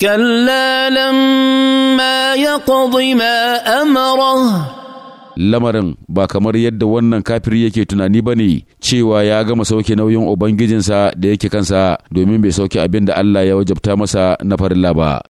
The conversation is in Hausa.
كلا لما يقض ما أمره lamarin ba kamar yadda wannan kafiri yake tunani ba ne cewa ya gama sauke nauyin ubangijinsa da yake kansa domin bai sauke abin da Allah ya wajabta masa na farilla ba